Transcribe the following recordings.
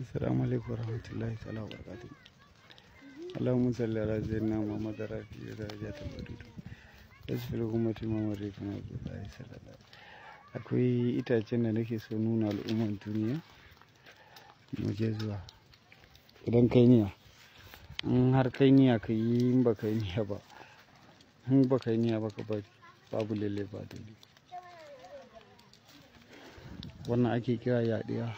Assalamu alaikum warahmatullahi ta'ala wa Allahumma salli ala sayyidina Muhammad rafi wa ummati sallallahu Akwai itacen da nake so nuna al'umman duniya. zuwa. Idan kai niya. In har kai niya in ba kai niya ba. wannan ake kira yaɗiya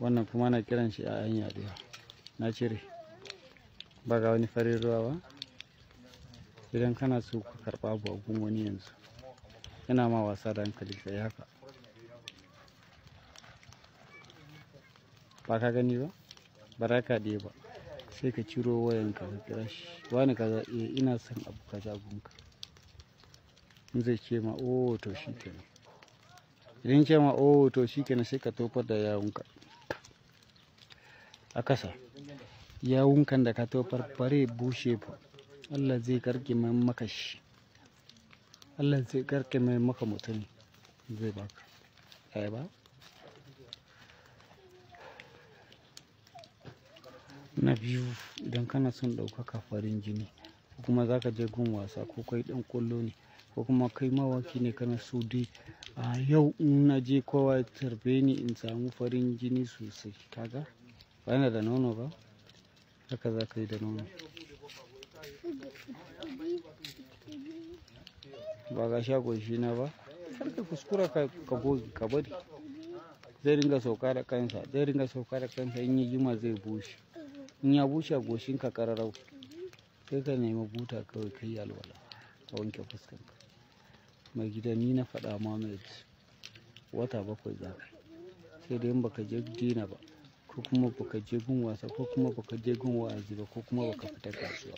wannan kuma na kiran shi a yan yaɗiya na cire ba ga wani farin ruwa ba idan kana so ka karɓa abu gun wani yanzu yana ma wasa da hankali ka yi haka ba ka gani ba baraka ɗaya ba sai ka ciro wayanka ka kira shi wani kaza eh, ina son abu kaza gunka zai ce ma oh, to shi kenan idan ce ma oh, to shi kenan sai ka tofar da yawunka a kasa yawunkan da ka tofar bare bushe ba allah zai karki mai maka shi allah zai karki mai maka mutum zai baka ai ba na biyu idan kana son ɗaukaka farin jini kuma za ka je gun wasa ko kai ɗan ƙwallo ne ko kuma kai mawaki ne kana so dai a yau in na je kowa ya tarbe ni in samu farin jini sosai kaga ba yana da nono ba haka za ka yi da nono ba ga sha goshi na ba ka kuskura ka goge ka bari zai ringa sauka da kansa zai ringa sauka da kansa in yi jima zai bushe in ya bushe goshin ka kararau sai ka nemi buta kawai kai alwala ka wanke fuskanka mai gida ni na faɗa ma wata bakwai za sai dai ba ka je dina ba ko kuma baka je gun wasa ko kuma baka je gun wa'azi ba ko kuma baka fita kasuwa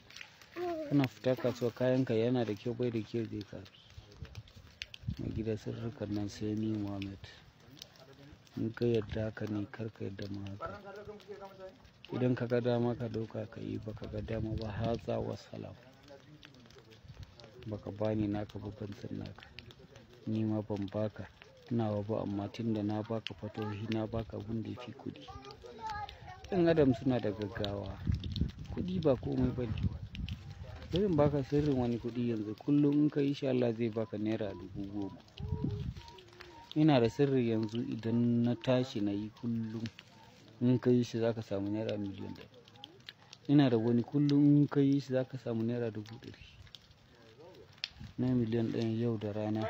kana fita kasuwa kayanka yana da kyau bai da kyau zai kasu mai gida sirrukan nan sai ni muhammad in ka yarda haka ne kar ka yarda ma haka idan ka ga dama ka ɗauka ka yi ba ka ga dama ba hatsa wasalam baka bani naka ba ban san naka ni ma ban baka nawa ba amma tunda na baka fatohi na baka abin da yafi kuɗi ɗan adam suna da gaggawa kuɗi ba komai ba ne zan baka sirrin wani kuɗi yanzu kullum in ka yi Allah zai baka naira dubu goma ina da sirri yanzu idan na tashi na yi kullum in ka yi shi za samu naira miliyan ɗaya ina da wani kullum in ka yi shi za samu naira dubu ɗari na miliyan ɗaya yau da rana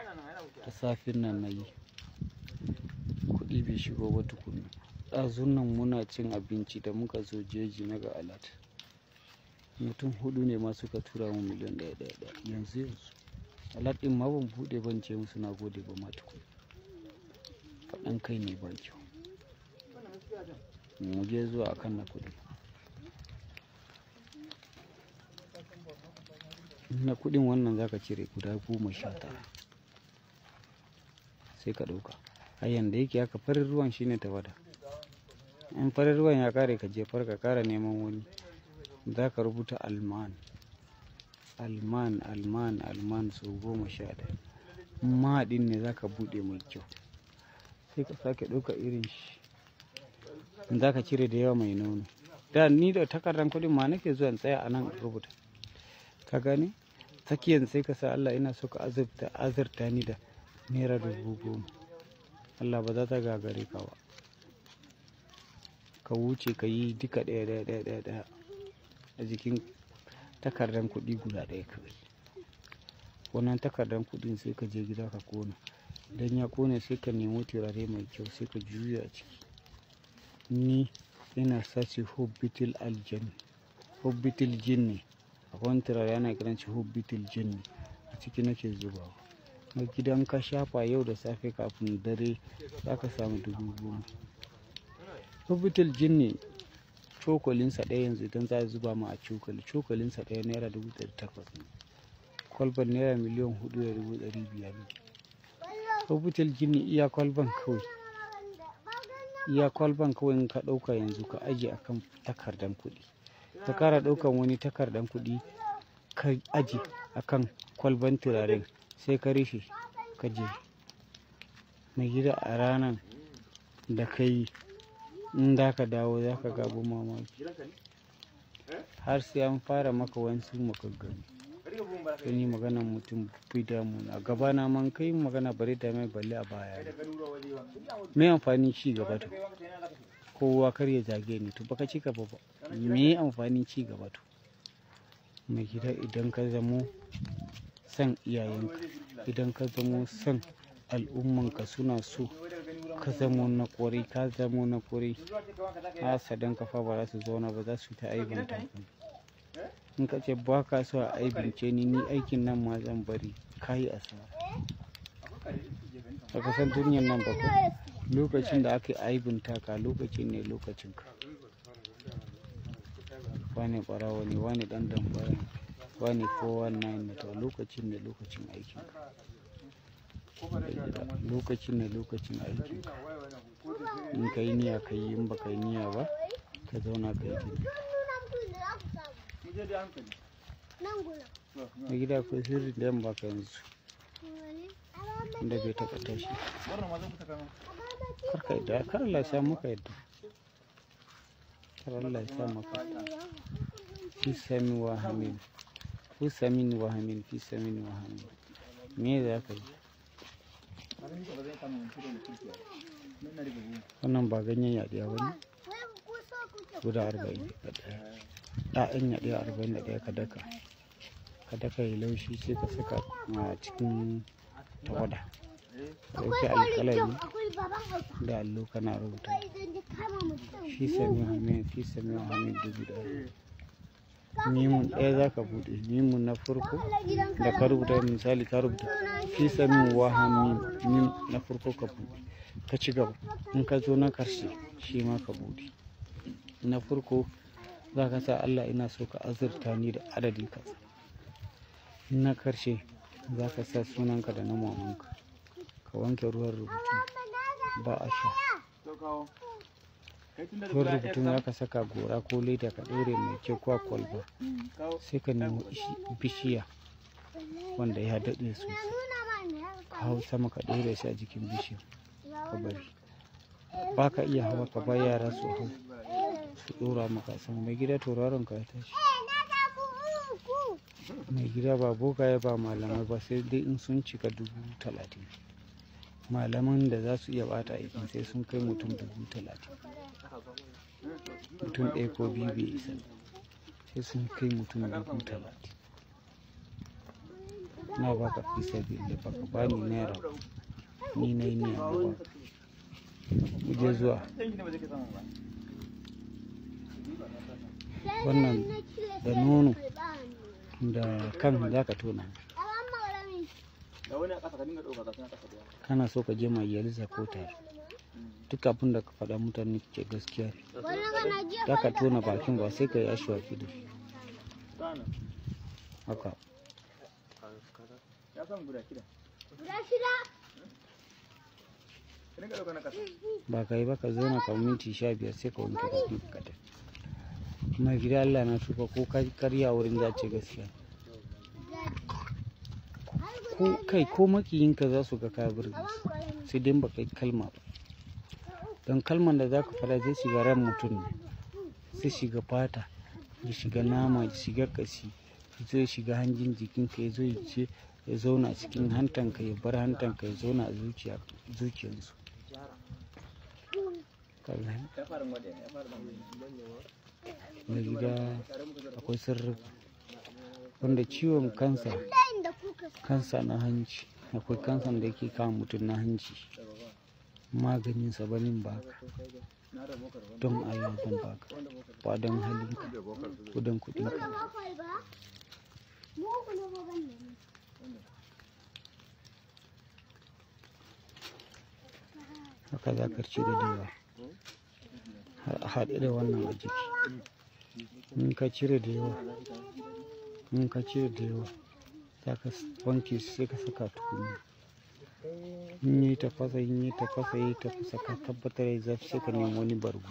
ta safin nan na yi kuɗi bai shigo ba tukuna ɗazun nan muna cin abinci da muka zo jeji na ga alat mutum hudu ne ma suka tura mu miliyan ɗaya ɗaya ɗaya yanzu yanzu alat ɗin ma ban buɗe ban ce musu na gode ba ma tukuna faɗan kai ne ba kyau mu je zuwa akan na kuɗi na kudin wannan zaka cire guda goma sha tara sai ka ɗauka a yanda yake haka farin ruwan shine tawada in farin ruwan ya kare ka jefar ka kara neman wani za ka rubuta alman alman alman alman su goma sha ɗaya maɗin ne za ka buɗe mai kyau sai ka sake ɗauka irin shi za ka cire da yawa mai nono da ni da takardar kuɗin ma nake zuwa in tsaya a nan rubuta ka gani? tsakiyan sai ka sa Allah ina so ka azurta azurta ni da naira dubu goma Allah ba za ta gagare ka ba ka wuce ka yi duka ɗaya ɗaya ɗaya ɗaya ɗaya a jikin takardar kuɗi guda ɗaya kawai wannan takardar kuɗin sai ka je gida ka kona idan ya kone sai ka nemo turare mai kyau sai ka juya a ciki ni ina sace hobbitil aljani hobbitil jin akwai wani turare ana kiran shi hubbitul jinni a ciki nake zubawa na gidan ka shafa yau da safe kafin dare za ka samu dubu goma hubbitul jinni cokolinsa ɗaya yanzu idan za a zuba ma a cokali cokolinsa ɗaya naira dubu ɗari takwas ne kwalban naira miliyan hudu da dubu ɗari biyar ne hubbitul jinni iya kwalban kawai iya kwalban kawai in ka ɗauka yanzu ka ajiye akan takardar kuɗi ta kara ɗaukan wani takardan kuɗi ka aji akan kwalban turaren sai ka rufe ka je mai gida a ranar da ka yi in da ka dawo za ka gabo mamaki har sai an fara maka wasu makaggani sun yi maganar mutum fi na a na man kai magana bare da mai balle a baya ne mai amfani ci gaba ta kowa kar ya zage ni to baka ci gaba ba me amfanin ci gaba to mai gida idan ka zamo san iyayenka idan ka zamo san al'ummanka suna so ka zamo na kwarai ka zamo na kwarai a sadan kafa ba za su zauna ba za su ta aibin in ka ce ba ka so a aibince ni ni aikin nan ma zan bari ka yi asara a san duniyar nan ba ko lokacin da aka yi aibin taka lokacin ne lokacin ka wani ɓarawo ne wani ɗan dambara ne wane kowa na yin to lokacin ne lokacin aikin ka lokacin ne lokacin aikin ka in ka yi niyya ka yi in ba ka yi niyya ba ka zauna ka yi gida mai gida ko sirri da yamma ka yanzu da bai taɓa tashi karka yadda kar Allah ya maka yadda kar Allah maka fi sami wa hamil me ka yi ɗaya arba'in ɗaya ka daka ka daka laushi sai ka saka a cikin tawada ɗauki alƙalami da allo kana rubuta fi sami hamid fi sami hamid dubu da mimun ɗaya za ka buɗe mimun na farko da ka rubuta misali ka rubuta fi sami wa hamid mim na farko ka buɗe ka ci gaba in ka zo na karshe shi ma ka buɗe na farko za ka allah ina so ka azurta ni da adadin ka na karshe za ka sa sunanka da na mamanka ka wanke ruwan rubutu ba a sha ruwan rubutun za ka saka gora ko leda ka ɗore mai kyau ko kwalba sai ka nemi bishiya wanda ya daɗe sosai ka hau sama ka ɗore shi a jikin bishiya ka bari ba ka iya hawa ka bar yara su hau su ɗora maka sama mai gida tauraron ka ya tashi mai gida ba bogaye ba malamai ba sai dai in sun cika dubu talatin malaman da za su iya bata aikin sai sun kai mutum dubu talatin mutum ɗaya ko biyu bai isa sai sun kai mutum dubu talatin na ka fi sabi da baka bani naira ni na yi niyan ba je zuwa wannan da nono da kan za ka tona kana so ka je majalisa ko tare duk abin da ka faɗa mutane ke gaskiya ne. za ka tona bakin ba sai ka yi ashewa fido haka ba ka yi ba ka zauna ka minti sha biyar sai ka wanke bakin ka mai gida Allah na shuka ko karya wurin dace gaskiya ko kai ko makiyinka za su ga ka birni sai dai ba kai kalma ba don kalman da za ka fara zai shiga ran mutum ne sai shiga fata ya shiga nama ya shiga kashi zai shiga hanjin jikinka ya zo ya zauna a cikin hantanka ya bar hantanka ya zauna a zuciyarsu na gida akwai sirri wanda ciwon kansa kansa na hanci akwai kansan da yake kama mutum na hanci maganin sabanin baka don Allah baka ba don halinka ko don kudinka haka za ka da dawa haɗe da wannan a jiki in ka cire da yawa in ka cire da yawa za ka wanke su sai ka saka tukuni, in yi tafasa in yi tafasa yi tafasa ka tabbatar ya zafi sai ka nemi wani bargo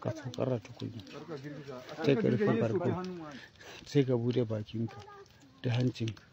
ka saukar tukuni, sai ka rufe bargo sai ka bude bakinka da hancinka